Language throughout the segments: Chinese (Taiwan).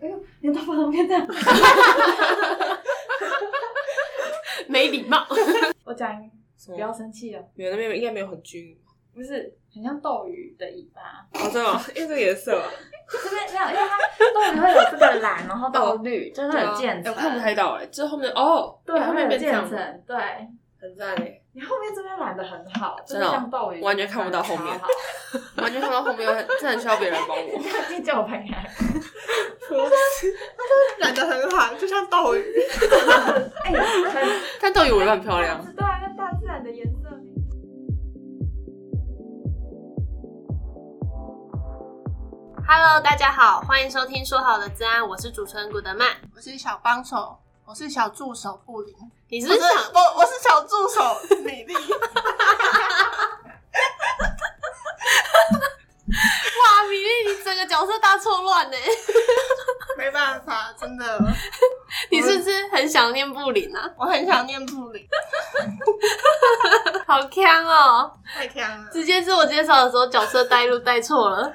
哎呦，你的頭髮怎麼變這樣？沒禮貌。我講，不要生氣了。你的沒有，應該沒有很均勻。不是，很像鬥魚的尾巴。真的，因為這個顏色。這邊沒有，因為它鬥魚會有這個藍，然後鬥綠，真的很漸層。我看不太到哎，這後面哦，對，後面有漸層，對，很讚。你後面這邊染的很好，真的像鬥魚，完全看不到後面。完全走到後面，有很，真的很需要別人幫我。他可以叫我拍呀事。他說：“站在就像鬥魚。”看，看但鬥魚我也很漂亮。對啊，那大自然的顏色。Hello，大家好，歡迎收聽《說好的資安》，我是主持人古德曼，我是小幫手，我是小助手布林，你是小我是不，我是小助手李麗。 我很想念布林啊！我很想念布林，好強哦！太強了！直接自我介紹的時候角色帶入帶錯了，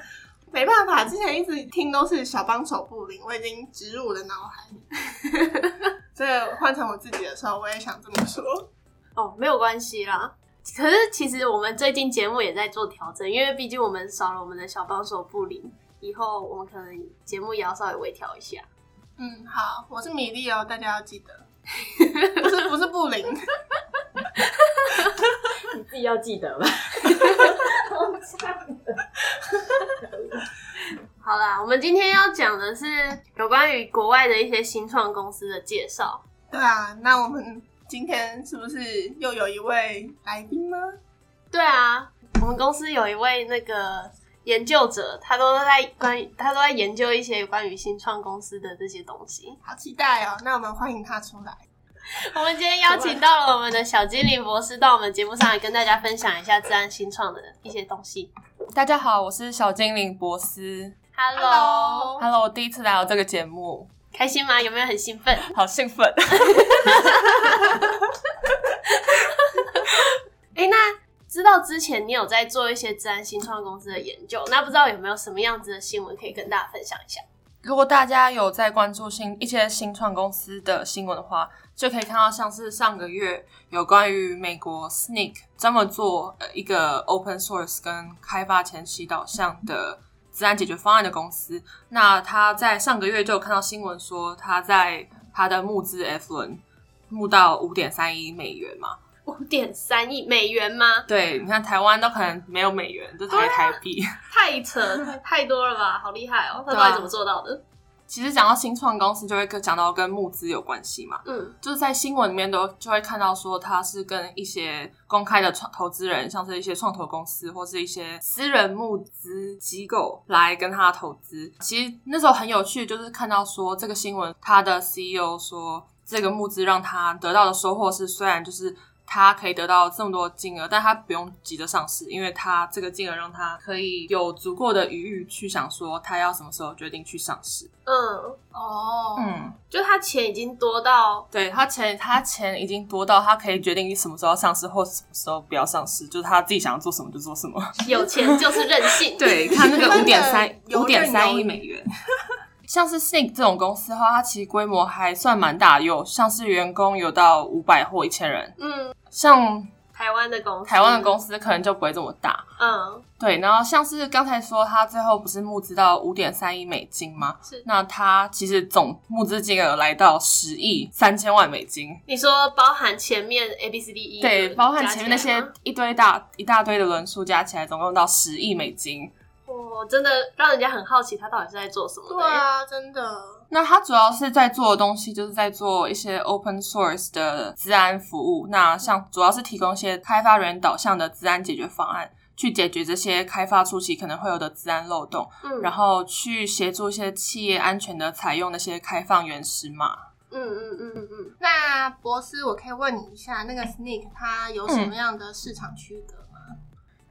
沒辦法，之前一直聽都是小幫手布林，我已經植入我的腦海 所以換成我自己的時候我也想這麼說。哦，沒有關係啦。可是其實我們最近節目也在做調整，因為畢竟我們少了我們的小幫手布林，以後我們可能節目也要稍微微調一下。嗯，好，我是米粒哦、喔，嗯、大家要記得。 不是不是不靈， 你自己要記得吧。 好，差的 好啦，我們今天要講的是有關於國外的一些新創公司的介紹。對啊，那我們今天是不是又有一位來賓嗎？對啊，我們公司有一位那個。研究者，他都在關於他都在研究一些關於新創公司的這些東西。好期待哦、喔！那我們歡迎他出來。 我們今天邀請到了我們的小精靈博士麼到我們節目上來，跟大家分享一下資安新創的一些東西。大家好，我是小精靈博士。Hello，Hello，Hello, 我第一次來到這個節目，開心嗎？有沒有很興奮？好興奮！哎、 欸，那。知道之前你有在做一些資安新創公司的研究，那不知道有沒有什麼樣子的新聞可以跟大家分享一下？如果大家有在關注新一些新創公司的新聞的話，就可以看到像是上個月有關於美國 Snyk 這專門做呃一個 Open Source 跟開發前期導向的資安解決方案的公司，那他在上個月就有看到新聞說，他在他的募資 F 輪募到五點三億美元嘛。五點三億美元嗎？對，你看台灣都可能沒有美元，都是台幣，啊。太扯，太多了吧？好厲害哦！他到底怎麼做到的？啊、其實講到新創公司，就會跟講到跟募資有關係嘛。嗯，就是在新聞裡面都就會看到說，他是跟一些公開的創投資人，像是一些創投公司或是一些私人募資機構來跟他投資。其實那時候很有趣，就是看到說這個新聞，他的 CEO 說，這個募資讓他得到的收穫是，雖然就是。他可以得到這麼多金額，但他不用急着上市，因為他這個金額讓他可以有足夠的餘裕去想說他要什麼時候決定去上市。嗯，哦，嗯，就他錢已經多到，對他錢他錢已經多到，他可以決定你什麼時候上市，或什麼時候不要上市，就是他自己想要做什麼就做什麼。有錢就是任性。 對，他那個五點三五點三億美元， 像是 Snyk 這種公司的話，它其實規模還算蠻大，有像是員工有到五百或一千人。嗯。像台灣的公司台灣的公司可能就不會這麼大，嗯，對。然後像是剛才說，他最後不是募資到五點三億美金嗎？是。那他其實總募資金額來到十億三千萬美金。你說包含前面 A B C D E，對，包含前面那些一堆大一大堆的輪數加起來總共到十億美金。哇、哦，真的讓人家很好奇，他到底是在做什麼呀？對啊，真的。那他主要是在做的東西，就是在做一些 open source 的資安服務。那像主要是提供一些開發人員導向的資安解決方案，去解決這些開發初期可能會有的資安漏洞，嗯、然後去協助一些企業安全的採用那些開放原始碼。嗯嗯嗯嗯嗯。那博斯，我可以問你一下，那個 Snyk 它有什麼樣的市場區隔？嗯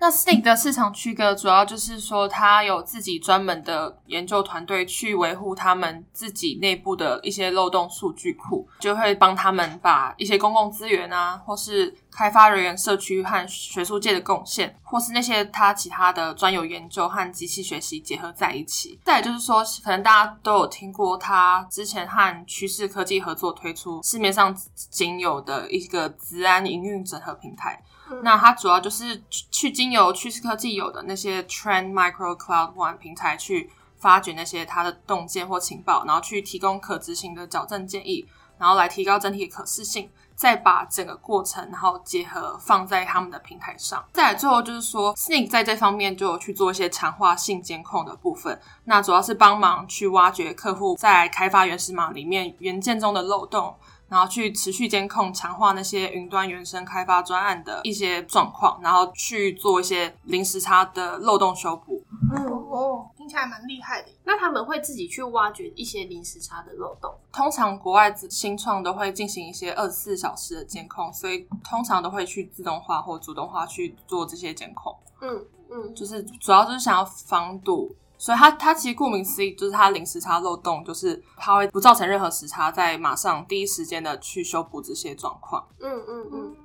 那 Snyk 的市場區隔主要就是說，他有自己專門的研究團隊去維護他們自己內部的一些漏洞數據庫，就會幫他們把一些公共資源啊，或是開發人員社區和學術界的貢獻，或是那些他其他的專有研究和機器學習結合在一起。再也就是說，可能大家都有聽過他之前和趨勢科技合作推出市面上僅有的一個資安營運整合平台。那它主要就是去經由趨勢科技有的那些 Trend Micro Cloud One 平台去發掘那些它的洞見或情報，然後去提供可執行的矯正建議，然後來提高整體的可視性，再把整個過程然後結合放在他們的平台上。再來最後就是說 Snyk 在這方面就有去做一些強化性監控的部分，那主要是幫忙去挖掘客戶在開發原始碼裡面元件中的漏洞。然後去持續監控，強化那些雲端原生開發專案的一些狀況，然後去做一些零時差的漏洞修補。嗯哦，聽起來蠻厲害的。那他們會自己去挖掘一些零時差的漏洞？通常國外新創都會進行一些二十四小時的監控，所以通常都會去自動化或主動化去做這些監控。嗯嗯，嗯就是主要就是想要防堵。所以它它其實顧名思義，就是它零時差漏洞，就是它會不造成任何時差，在馬上第一時間的去修補這些狀況。嗯。嗯嗯嗯，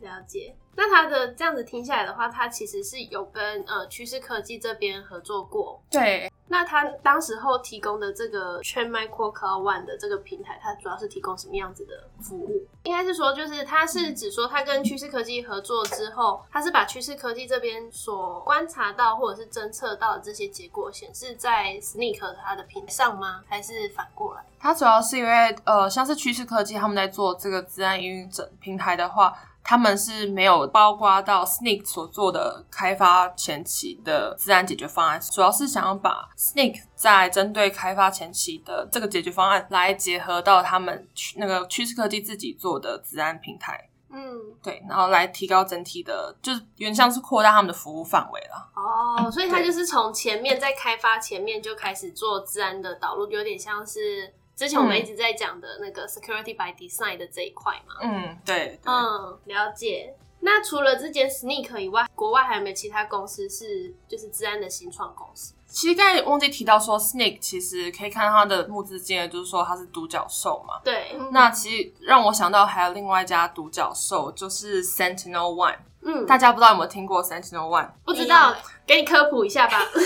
了解。那他的這樣子聽下來的話，他其實是有跟呃趨勢科技這邊合作過。對。那他當時候提供的這個全麥 Quark One 的這個平台，它主要是提供什麼樣子的服務？應該是說，就是他是指說他跟趨勢科技合作之後，他是把趨勢科技這邊所觀察到或者是偵測到的這些結果顯示在 Snyk 它的平台上嗎？還是反過來？它主要是因為呃，像是趨勢科技他們在做這個資安營運整平台的話，他們是沒有包括到 Snyk 所做的開發前期的資安解決方案，主要是想要把 Snyk 在針對開發前期的這個解決方案來結合到他們那個趨勢科技自己做的資安平台，嗯，對，然後來提高整體的，就是原像是擴大他們的服務範圍了。哦，所以他就是從前面在開發前面就開始做資安的導入，就有點像是。之前我們一直在講的那個 security by design 的這一塊嘛，嗯，對，對嗯，了解。那除了這間 Snyk 以外國外，還有沒有其他公司是就是資安的新創公司？其實剛才忘記提到說，Snyk 其實可以看到它的募資金額，就是說它是獨角獸嘛。對。那其實讓我想到還有另外一家獨角獸，就是 Sentinel One。嗯，大家不知道有沒有聽過 Sentinel One？不知道，嗯、給你科普一下吧。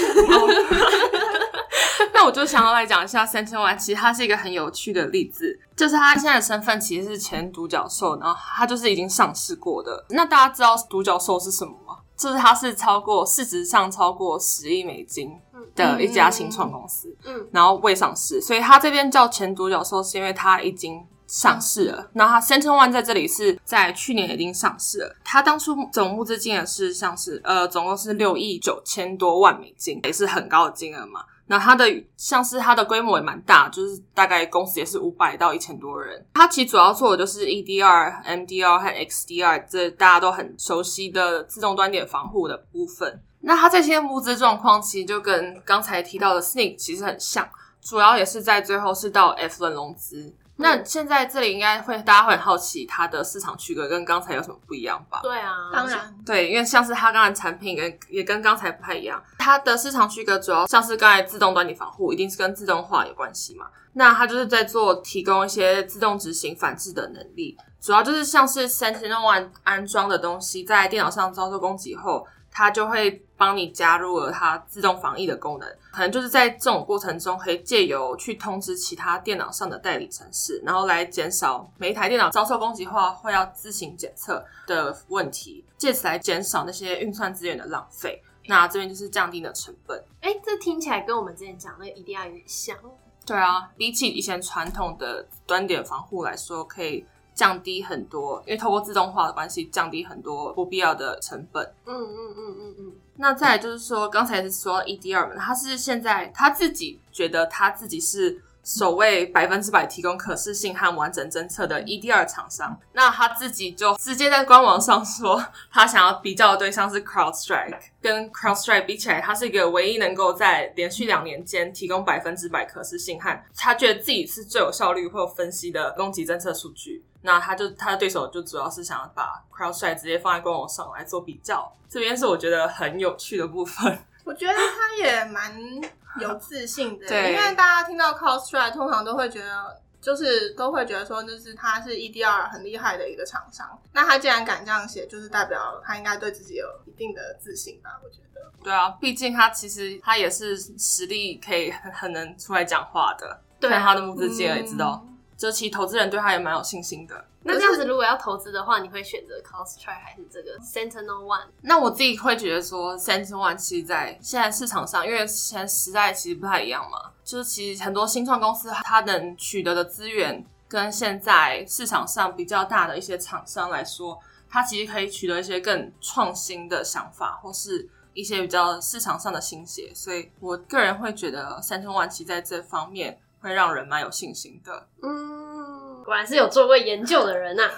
那我就想要來講一下 SentinelOne，嗯、其實它是一個很有趣的例子。就是他現在的身份其實是前獨角獸，然後他就是已經上市過的。那大家知道獨角獸是什麼嗎？就是它是超過市值上超過十億美金的一家新創公司，嗯，嗯嗯，然後未上市，所以它這邊叫前獨角獸，是因為它已經上市了。那它 SentinelOne 在這裡是在去年已經上市了。它當初總募資金額是上市呃，總共是六億九千多萬美金，也是很高的金額嘛。那它的像是它的規模也蠻大，就是大概公司也是五百到一千多人。它其實主要做的就是 EDR、MDR 和 XDR 這大家都很熟悉的自動端點防護的部分。那它這些募資狀況其實就跟剛才提到的 Snyk 其實很像，主要也是在最後是到 F 輪融資。那現在這裡應該會，大家會很好奇它的市場區隔跟剛才有什麼不一樣吧？對啊，當然，對，因為像是它剛才的產品跟也跟剛才不太一樣，它的市場區隔主要像是剛才自動端點防護，一定是跟自動化有關係嘛。那它就是在做提供一些自動執行反制的能力，主要就是像是三千多萬安裝的東西在電腦上遭受攻擊後。它就會幫你加入了它自動防疫的功能，可能就是在這種過程中，可以借由去通知其他電腦上的代理程式，然後來減少每一台電腦遭受攻擊後會要自行檢測的問題，借此來減少那些運算資源的浪費。那這邊就是降低的成本。哎、欸，這聽起來跟我們之前講那個一定要有點像。對啊，比起以前傳統的端點防護來說，可以。降低很多，因為透過自動化的關係，降低很多不必要的成本。嗯嗯嗯嗯嗯。嗯嗯嗯嗯那再來就是說，剛才是說 EDR 嘛，1, 他是現在他自己覺得他自己是。所謂百分之百提供可視性和完整偵測的 EDR 廠商，那他自己就直接在官網上說，他想要比較的對象是 CrowdStrike，跟 CrowdStrike 比起來，他是一個唯一能夠在連續兩年間提供百分之百可視性和，和他覺得自己是最有效率或分析的攻擊偵測數據。那他就，他的對手就主要是想要把 CrowdStrike 直接放在官網上來做比較，這邊是我覺得很有趣的部分。我覺得他也蠻有自信的，欸，對因為大家聽到 CrowdStrike 通常都會覺得，就是都會覺得說，就是他是 E D R 很厲害的一個廠商。那他既然敢這樣寫，就是代表他應該對自己有一定的自信吧？我覺得。對啊，畢竟他其實他也是實力可以很很能出來講話的，對，看他的募資金額也知道。嗯就其實投資人對他也蠻有信心的。那這樣子，如果要投資的話，你會選擇 Costa r 還是這個 Sentinel One？那我自己會覺得說，Sentinel One 其實在現在市場上，因為現在時代其實不太一樣嘛。就是其實很多新創公司它能取得的資源，跟現在市場上比較大的一些廠商來說，它其實可以取得一些更創新的想法，或是一些比較市場上的新血。所以我個人會覺得，Sentinel One 其實在這方面。會讓人蠻有信心的。嗯，果然是有做過研究的人吶、啊。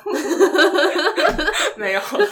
沒有了。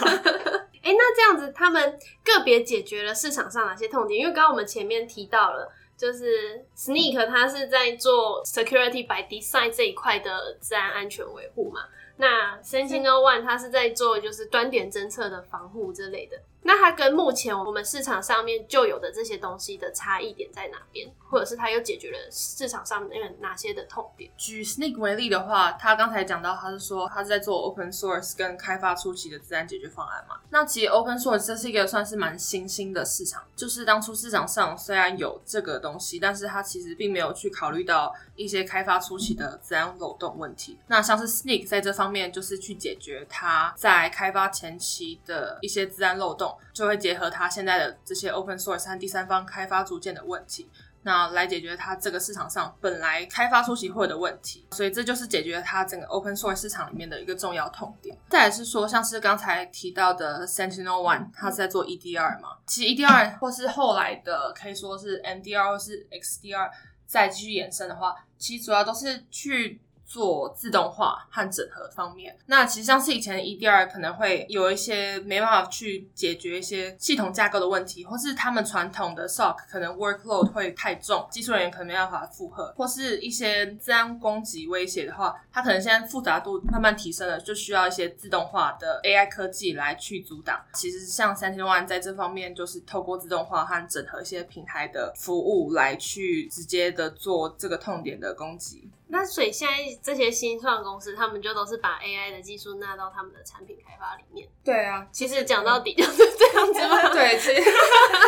哎、欸，那這樣子，他們個別解決了市場上哪些痛點？因為剛剛我們前面提到了，就是 Snyk 它是在做 security by design 這一塊的資安、安全維護嘛。那 SentinelOne 它是在做就是端點偵測的防護之類的。那它跟目前我們市場上面就有的這些東西的差異點在哪邊，或者是它又解決了市場上面那個哪些的痛點？舉 Snyk 為例的話，它剛才講到，它是說它是在做 Open Source 跟開發初期的資安解決方案嘛。那其實 Open Source 這是一個算是蠻新興的市場，就是當初市場上雖然有這個東西，但是它其實並沒有去考慮到一些開發初期的資安漏洞問題。那像是 Snyk 在這方面，就是去解決它在開發前期的一些資安漏洞。就會結合它現在的這些 open source 和第三方開發組件的問題，那來解決它這個市場上本來開發出席會的問題，所以這就是解決它整個 open source 市場裡面的一個重要痛點。再來是說，像是剛才提到的 Sentinel One，它是在做 EDR 嘛。其實 EDR 或是後來的可以說是 NDR 或是 XDR，再繼續延伸的話，其實主要都是去。做自動化和整合方面，那其實像是以前的 EDR 可能會有一些沒辦法去解決一些系統架構的問題，或是他們傳統的 SOC 可能 workload 會太重，技術人員可能沒辦法負荷，或是一些資安攻擊威脅的話，它可能現在複雜度慢慢提升了，就需要一些自動化的 AI 科技來去阻擋。其實像 SentinelOne 在這方面就是透過自動化和整合一些平台的服務來去直接的做這個痛點的攻擊。那所以現在這些新創公司，他們就都是把 AI 的技術納到他們的產品開發裡面。對啊，其實講到底就是這樣子嘛。對，其實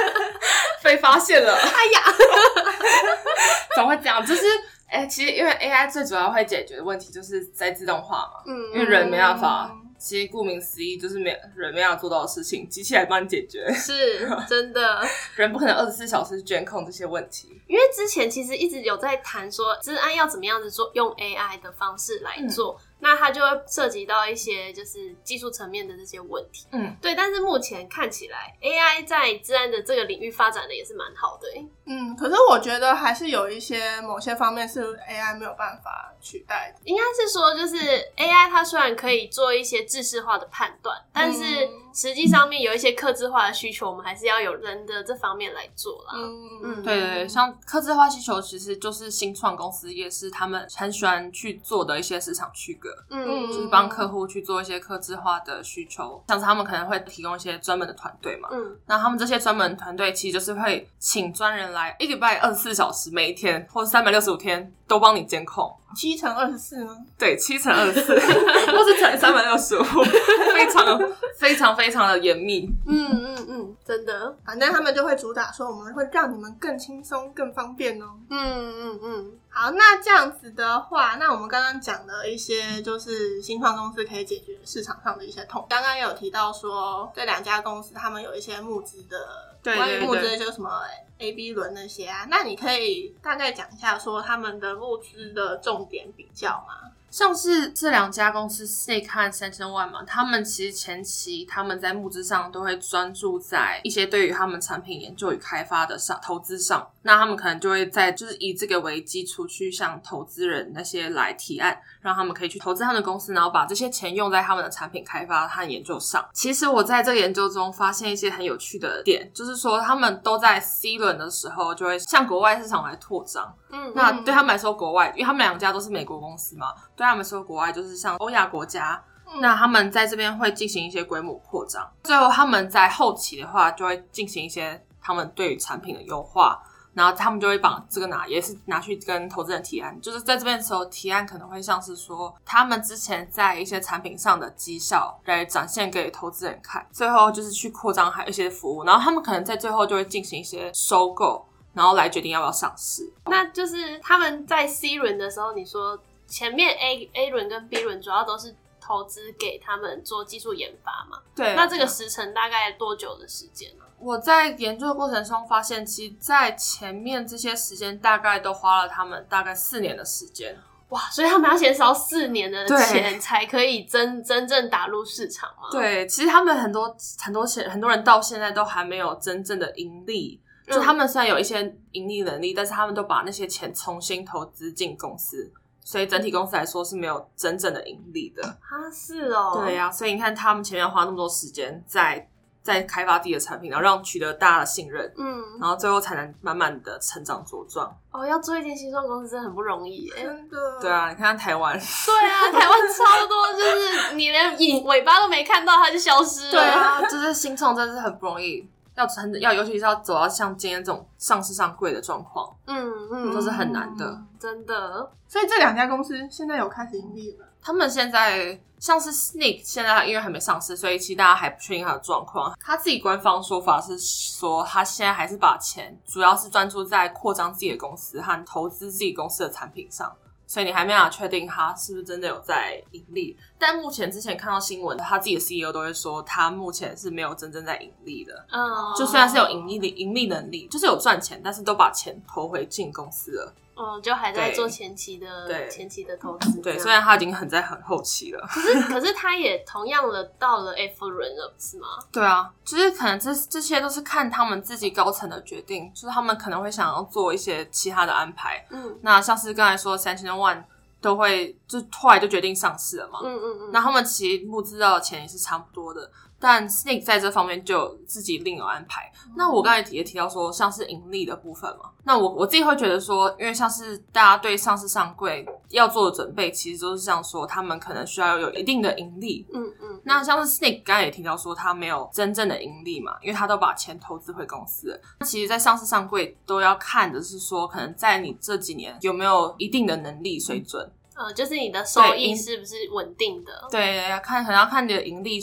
被發現了。哎呀， 怎麼會這樣？就是。哎、欸，其實因為 AI 最主要會解決的問題就是在自動化嘛，嗯，因為人沒辦法。嗯、其實顧名思義，就是沒，人沒辦法做到的事情，機器來幫你解決。是呵呵真的，人不可能二十四小時監控這些問題。因為之前其實一直有在談說，資安要怎麼樣子做，用 AI 的方式來做，嗯、那它就會涉及到一些就是技術層面的這些問題。嗯，對。但是目前看起來，AI 在資安的這個領域發展的也是蠻好的、欸。嗯，可是我覺得還是有一些某些方面是 AI 沒有辦法取代的。應該是說，就是 AI 它雖然可以做一些制式化的判斷，嗯、但是實際上面有一些客制化的需求，我們還是要有人的這方面來做啦。嗯嗯，對，對對，像客制化需求，其實就是新創公司也是他們很喜歡去做的一些市場區隔。嗯，就是幫客戶去做一些客制化的需求，像是他們可能會提供一些專門的團隊嘛。嗯，那他們這些專門團隊其實就是會請專人。來，一禮拜二十四小時，每一天或者三百六十五天，都幫你監控。七乘二十四嗎？對，七乘二十四，都是乘三百六十五，非常非常非常的嚴密。嗯嗯嗯，真的。反正、啊、他們就會主打說，我們會讓你們更輕鬆、更方便哦。嗯嗯嗯，嗯嗯好，那這樣子的話，那我們剛剛講了一些，就是新創公司可以解決市場上的一些痛。剛剛有提到說，這兩家公司他們有一些募資的，關於募資就是什麼 A、欸、B 輪那些啊。那你可以大概講一下，說他們的募資的重點比較嘛，像是這兩家公司，Snyk 跟 SentinelOne 嘛，他們其實前期他們在募資上都會專注在一些對於他們產品研究與開發的上投資上，那他們可能就會在就是以這個為基礎去向投資人那些來提案。讓他們可以去投資他們的公司，然後把這些錢用在他們的產品開發和研究上。其實我在這個研究中發現一些很有趣的點，就是說他們都在 C 輪的時候就會向國外市場來擴張。嗯，那對他們來說，國外，因為他們兩家都是美國公司嘛，對他們來說，國外就是像歐亞國家。嗯，那他們在這邊會進行一些規模擴張。最後，他們在後期的話，就會進行一些他們對於產品的優化。然後他們就會把這個拿，也是拿去跟投資人提案，就是在這邊的時候提案可能會像是說，他們之前在一些產品上的績效來展現給投資人看，最後就是去擴張一些服務，然後他們可能在最後就會進行一些收購，然後來決定要不要上市。那就是他們在 C 輪的時候，你說前面 A A 輪跟 B 輪主要都是投資給他們做技術研發嘛？對。那這個時程大概多久的時間呢？我在研究的過程中發現，其實在前面這些時間，大概都花了他們大概四年的時間。哇！所以他們要先燒四年的錢，才可以真對真正打入市場啊。對，其實他們很多很多錢，很多人到現在都還沒有真正的盈利。嗯、就他們雖然有一些盈利能力，但是他們都把那些錢重新投資進公司，所以整體公司來說是沒有真正的盈利的。哈、啊、是哦。對呀、啊，所以你看，他們前面花那麼多時間在。在開發自己的產品，然後讓取得大家的信任，嗯，然後最後才能慢慢的成長茁壯。哦，要做一間新創公司真的很不容易，哎，真的。對啊，你看台灣。 對啊，台灣超多，就是你連尾巴都沒看到，它就消失了。對啊，就是新創真的是很不容易，要成，要尤其是要走到像今天這種上市上櫃的狀況，嗯嗯，嗯都是很難的，嗯、真的。所以這兩家公司現在有開始盈利了。他們現在像是 Snyk，現在因為還沒上市，所以其實大家還不確定他的狀況。他自己官方說法是說，他現在還是把錢主要是專注在擴張自己的公司和投資自己公司的產品上，所以你還沒有確定他是不是真的有在盈利。但目前之前看到新聞，他自己的 CEO 都會說，他目前是沒有真正在盈利的。嗯，就雖然是有盈利的盈利能力，就是有賺錢，但是都把錢投回進公司了。哦，就還在做前期的對前期的投資。對，雖然他已經很在很後期了。可是，可是他也同樣的到了 F 輪融資 是嗎？對啊，就是可能這這些都是看他們自己高層的決定，就是他們可能會想要做一些其他的安排。嗯，那像是剛才說三千多萬都會就突然就決定上市了嘛？嗯嗯嗯。那他們其實募資到的錢也是差不多的。但 Snyk 在這方面就有自己另有安排。那我剛才也提到說，像是盈利的部分嘛。那我我自己會覺得說，因為像是大家對上市上櫃要做的準備，其實都是像說，他們可能需要有一定的盈利。嗯嗯。嗯，那像是 Snyk 剛才也提到說，他沒有真正的盈利嘛，因為他都把錢投資回公司。那其實，在上市上櫃都要看的是說，可能在你這幾年有沒有一定的能力水準。嗯，就是你的收益是不是穩定的？對，要看，很要看你的盈利。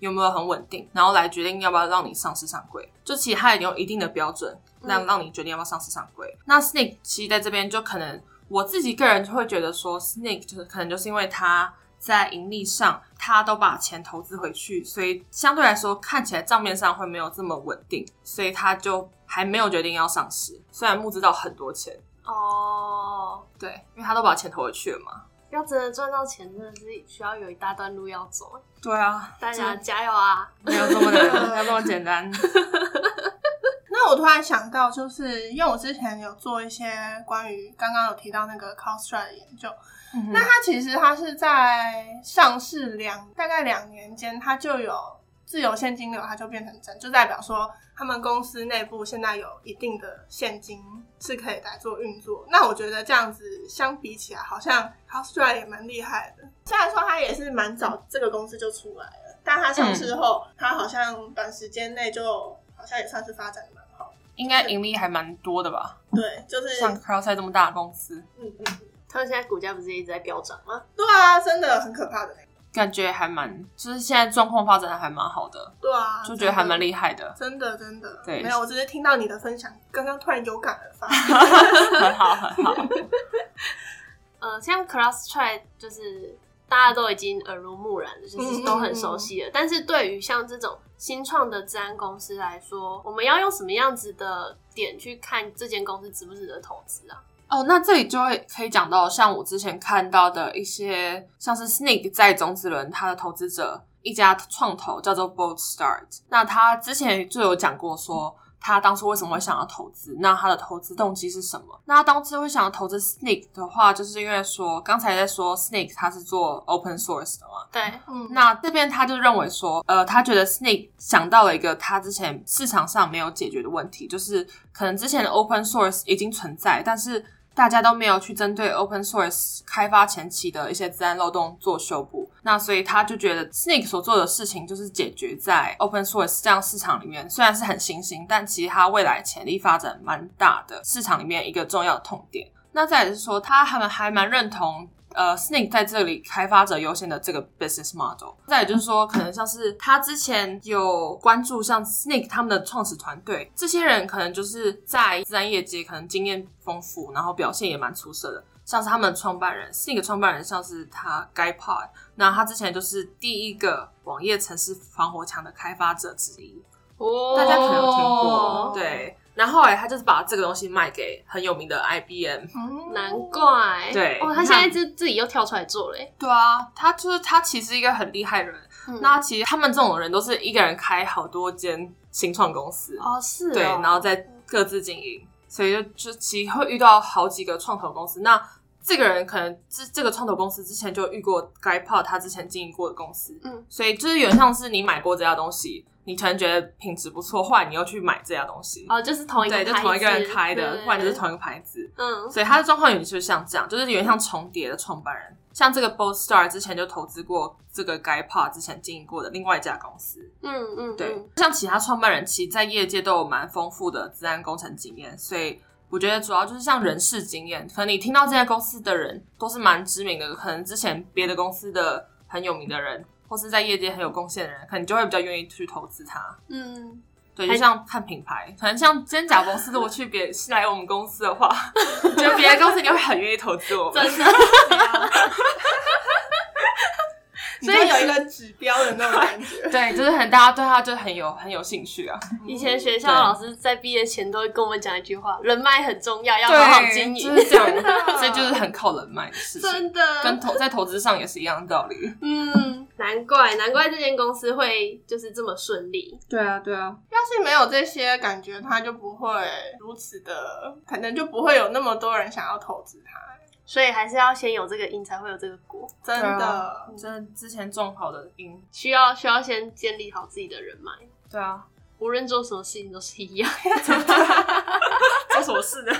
有沒有很穩定，然後來決定要不要讓你上市上櫃？就其實他已經有一定的標準，讓讓你決定要不要上市上櫃。 嗯、 那 Snyk 其實在這邊就可能我自己個人就會覺得說，Snyk 就是可能就是因為它在盈利上，它都把錢投資回去，所以相對來說看起來賬面上會沒有這麼穩定，所以它就還沒有決定要上市。雖然募資到很多錢哦，對，因為它都把錢投回去了嘛。要真的賺到錢，真的是需要有一大段路要走。對啊，大家加油啊！沒有這麼難， 沒有這麼簡單。 那我突然想到，就是因為我之前有做一些關於剛剛有提到那個 CrowdStrike 的研究，嗯、哼那它其實它是在上市兩，大概兩年間，它就有。自由現金流它就變成正，就代表說他們公司內部現在有一定的現金是可以來做運作。那我覺得這樣子相比起來，好像它雖然也蠻厲害的，雖然說它也是蠻早這個公司就出來了，但它上市後，它好像短時間內就好像也算是發展的蠻好，應該盈利還蠻多的吧？對，就是像 CrowdStrike 這麼大的公司，嗯嗯嗯，嗯嗯他們現在股價不是一直在飆漲嗎？對啊，真的很可怕的、欸。那。感覺還蠻，就是現在狀況發展的還蠻好的，對啊，就覺得還蠻厲害的、的，真的真的，對，沒有，我只是聽到你的分享，剛剛突然有感而發，很好很好。呃，像 Crosstry 就是大家都已經耳濡目染了，就是都很熟悉了。嗯嗯，但是對於像這種新創的資安公司來說，我們要用什麼樣子的點去看這間公司值不值得投資啊？哦，那這裡就會可以講到，像我之前看到的一些，像是 Snyk 在種子輪，他的投資者一家創投叫做 Bold Start，那他之前就有講過，說他當初為什麼會想要投資，那他的投資動機是什麼？那他當初會想要投資 Snyk 的話，就是因為說剛才在說 Snyk，他是做 Open Source 的嘛？對，嗯，那這邊他就認為說，呃，他覺得 Snyk 想到了一個他之前市場上沒有解決的問題，就是可能之前的 Open Source 已經存在，但是大家都沒有去針對 open source 開發前期的一些資安漏洞做修補，那所以他就覺得 Snyk 所做的事情就是解決在 open source 這樣市場裡面，雖然是很新興，但其實它未來潛力發展蠻大的市場裡面一個重要的痛點。那再也是說，他還還蠻認同。呃 uh, Snyk 在這裡開發者優先的這個 business model，再也就是說，可能像是他之前有關注像 Snyk 他們的創始團隊，這些人可能就是在資安業界可能經驗豐富，然後表現也蠻出色的，像是他們創辦人 Snyk 創辦人像是他 Guy Pod，那他之前就是第一個網頁城市防火牆的開發者之一，哦，oh. 大家可能有聽過，對。然後哎、欸,他就是把這個東西賣給很有名的 IBM，嗯、難怪。對，哦，他現在就自己又跳出來做了。對啊，他就是他其實一個很厲害的人。嗯、那其實他們這種人都是一個人開好多間新創公司哦，是哦。對，然後再各自經營，所以就，就其實會遇到好幾個創投公司。那這個人可能這這個創投公司之前就遇過 Guy Pod 他之前經營過的公司，嗯，所以就是有像是你買過這家東西。你可能覺得品質不錯，後來你又去買這家東西哦，就是同一個對，就同一個人開的，或者就是同一個牌子，嗯，所以它的狀況也就是像這樣，嗯、就是有點像重疊的創辦人。像這個 Boldstart 之前就投資過這個 Guy Podjarny 之前經營過的另外一家公司，嗯嗯，嗯對。像其他創辦人，其實在業界都有蠻豐富的資安工程經驗，所以我覺得主要就是像人事經驗。可能你聽到這些公司的人都是蠻知名的，可能之前別的公司的很有名的人。或是在業界很有貢獻的人，可能你就會比較願意去投資他。嗯，對，就像看品牌，可能像真假公司如果去別來我們公司的話，你覺得別 的公司你會很願意投資我真的 所以、就是、有一個指標的那種感覺，對，就是很，大家對他就很有很有興趣啊。以前學校老師在畢業前都會跟我們講一句話：對人脈很重要，要好好經營，就是、這樣，所以就是很靠人脈的事情。是是真的，跟投在投資上也是一樣的道理。嗯，難怪難怪這間公司會就是這麼順利。對啊，對啊，要是沒有這些感覺，他就不會如此的，可能就不會有那麼多人想要投資他。所以還是要先有這個因，才會有這個果。真的，嗯、真的之前種好的因，需要需要先建立好自己的人脈。對啊，無論做什麼事情都是一樣。 做什麼事呢？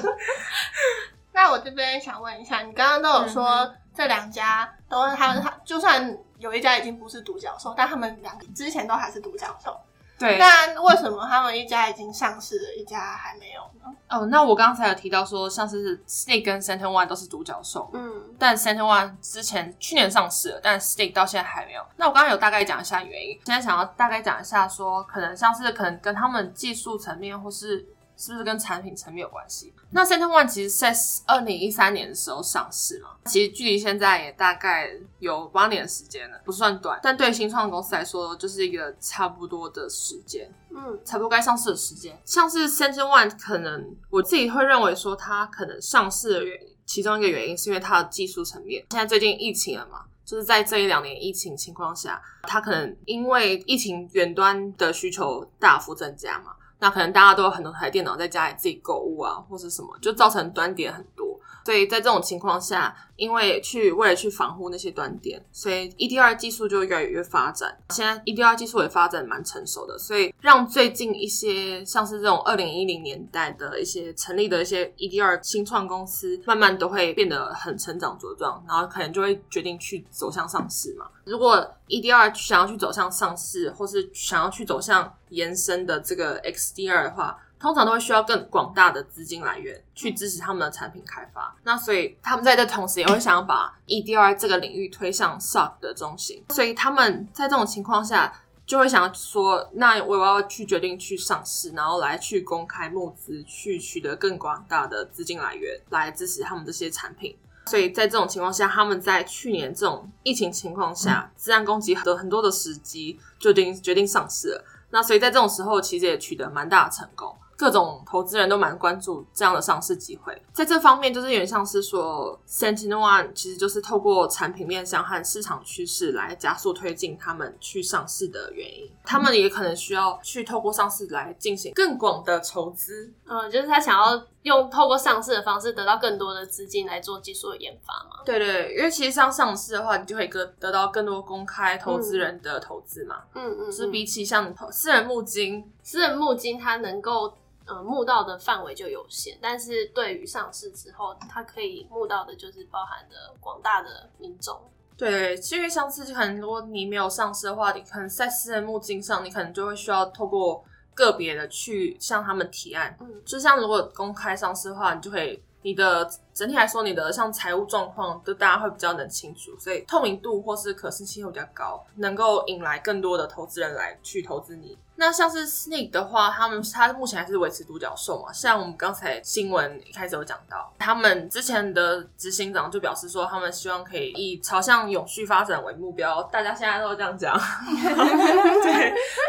那我這邊想問一下，你剛剛都有說這兩家、嗯、哼都他們，就算有一家已經不是獨角獸，但他們兩個之前都還是獨角獸。對。那為什麼他們一家已經上市了一家還沒有呢？嗯、哦，那我剛才有提到說，像是 Snyk 跟 SentinelOne 都是獨角獸，嗯，但 SentinelOne 之前去年上市了，但 Snyk 到現在還沒有。那我剛剛有大概講一下原因，今天想要大概講一下說，可能像是可能跟他們技術層面或是。是不是跟產品層面有關係？那 SentinelOne 其實在二零一三年的時候上市嘛，其實距離現在也大概有八年的時間了，不算短，但對新創公司來說，就是一個差不多的時間，嗯，差不多該上市的時間。像是 SentinelOne 可能我自己會認為說，它可能上市的原因，其中一個原因是因為它的技術層面。現在最近疫情了嘛，就是在這一兩年疫情情況下，它可能因為疫情遠端的需求大幅增加嘛。那可能大家都有很多台電腦在家裡自己購物啊，或者什麼，就造成端點很多。所以在這種情況下，因為去，為了去防護那些端點，所以 EDR 技術就越來越發展。現在 EDR 技術也發展蠻成熟的，所以讓最近一些，像是這種二零一零年代的一些成立的一些 EDR 新創公司，慢慢都會變得很成長茁壯，然後可能就會決定去走向上市嘛。如果 EDR 想要去走向上市，或是想要去走向延伸的這個 XDR 的話。通常都會需要更廣大的資金來源去支持他們的產品開發。那所以他們在這同時也會想要把 EDR 這個領域推向 stock 的中心。所以他們在這種情況下就會想要說：“那我要去決定去上市，然後來去公開募資，去取得更廣大的資金來源來支持他們這些產品。”所以在這種情況下，他們在去年這種疫情情況下，自然攻擊很多很多的時機，決定決定上市了。那所以在這種時候，其實也取得蠻大的成功。各種投資人都蠻關注這樣的上市機會，在這方面，就是原像是說 SentinelOne 其實就是透過產品面向和市場趨勢來加速推進他們去上市的原因。他們也可能需要去透過上市來進行更廣的籌資，嗯，就是他想要用透過上市的方式得到更多的資金來做技術的研發嘛？對對，因為其實像上市的話，你就會得得到更多公開投資人的投資嘛，嗯嗯，嗯嗯嗯就是比起像私人募金，私人募金它能夠，呃，募、嗯、到的範圍就有限，但是對於上市之後，它可以募到的，就是包含的廣大的民眾。對，因為上市可能如果你沒有上市的話，你可能在私人募金上，你可能就會需要透過個別的去向他們提案。嗯，就像如果公開上市的話，你就會你的整體來說，你的像財務狀況都大家會比較能清楚，所以透明度或是可信性會比較高，能夠引來更多的投資人來去投資你。那像是 Snyk 的話，他們他目前還是維持獨角獸嘛？像我們剛才新聞一開始有講到，他們之前的執行長就表示說，他們希望可以以朝向永續發展為目標。大家現在都這樣講， 對。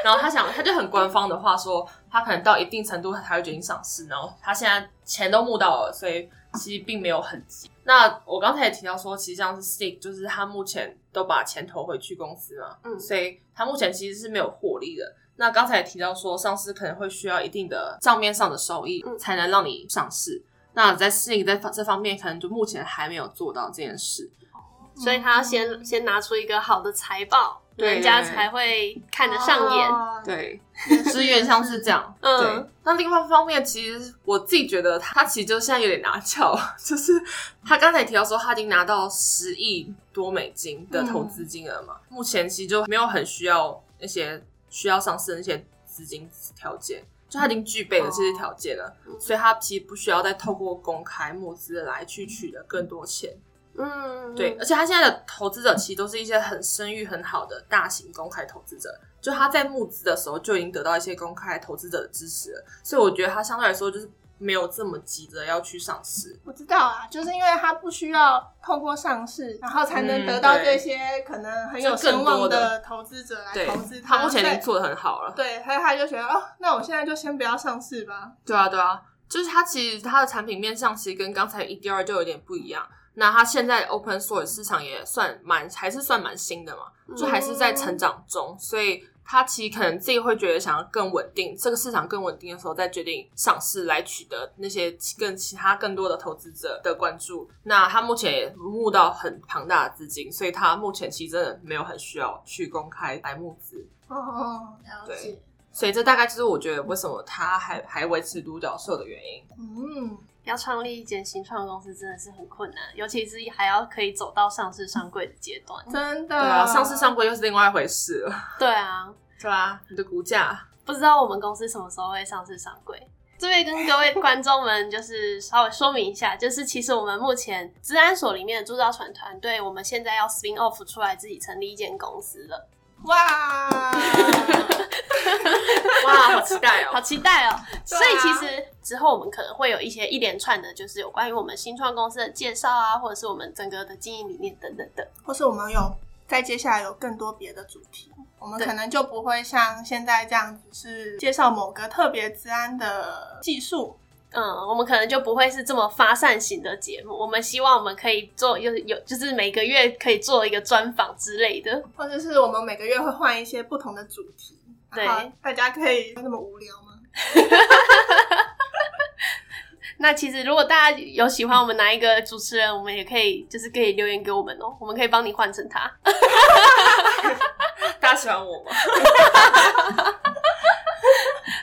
然後他想，他就很官方的話說，他可能到一定程度他才會決定上市。然後他現在錢都募到了，所以其實並沒有很急。那我剛才也提到說，其實像是 Snyk 就是他目前都把錢投回去公司嘛，嗯，所以他目前其實是沒有獲利的。那剛才提到說，上市可能會需要一定的賬面上的收益，才能讓你上市。嗯、那在 Snyk 在方這方面，可能就目前還沒有做到這件事，所以他要先先拿出一個好的財報，對人家才會看得上眼。對，所以、啊、對原像是這樣。 對嗯，那另外一方面，其實我自己覺得他，他其實就現在有點拿翹，就是他剛才提到說他已經拿到十億多美金的投資金額嘛，嗯、目前其實就沒有很需要那些。需要上市的那些資金條件，就他已經具備了這些條件了，oh. 所以他其實不需要再透過公開募資來去取得更多錢。嗯、mm，hmm. 對，而且他現在的投資者其實都是一些很聲譽很好的大型公開投資者，就他在募資的時候就已經得到一些公開投資者的支持了，所以我覺得他相對來說就是。沒有這麼急着要去上市，我知道啊，就是因為他不需要透過上市，然後才能得到這些可能很有聲望的投資者來投資他。嗯、他目前已經做得很好了，對，所以他就覺得哦，那我現在就先不要上市吧。對啊，對啊，就是他其實他的產品面上，其實跟剛才 EDR 就有點不一樣。那他現在 Open Source 市場也算蠻，還是算蠻新的嘛，就還是在成長中，嗯、所以。他其實可能自己會覺得想要更穩定，這個市場更穩定的時候再決定上市來取得那些更其他更多的投資者的關注。那他目前也募到很龐大的資金，所以他目前其實真的沒有很需要去公開來募資。哦，了解。對。所以這大概就是我覺得為什麼他還還維持獨角獸的原因。嗯。要創立一間新創公司真的是很困難，尤其是還要可以走到上市上櫃的階段。真的、啊，對啊，上市上櫃又是另外一回事了。對啊，是吧、啊？你的股價，不知道我們公司什麼時候會上市上櫃。這邊跟各位觀眾們就是稍微說明一下， 就是其實我們目前資安所裡面的鑄造船團隊，我們現在要 spin off 出來自己成立一間公司了。哇， 哇，好期待哦，好期待哦！啊、所以其實之後我們可能會有一些一連串的，就是有關於我們新創公司的介紹啊，或者是我們整個的經營理念等等等，或是我們有在接下來有更多別的主題，我們可能就不會像現在這樣子是介紹某個特別資安的技術。嗯，我們可能就不會是這麼發散型的節目。我們希望我們可以做，有有就是每個月可以做一個專訪之類的，或者是我們每個月會換一些不同的主題，對，大家可以那麼無聊嗎？ 那其實如果大家有喜歡我們哪一個主持人，我們也可以就是可以留言給我們哦，我們可以幫你換成他。 大家喜歡我嗎？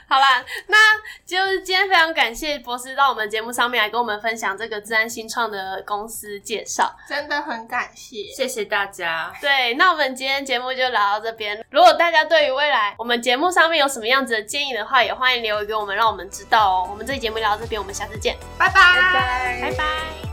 好啦，那就是今天非常感謝博士到我們節目上面來跟我們分享這個資安新創的公司介紹，真的很感謝，謝謝大家。對，那我們今天節目就聊到這邊。如果大家對於未來我們節目上面有什麼樣子的建議的話，也歡迎留言給我們，讓我們知道哦、喔。我們這期節目聊到這邊，我們下次見，拜拜 bye，拜拜。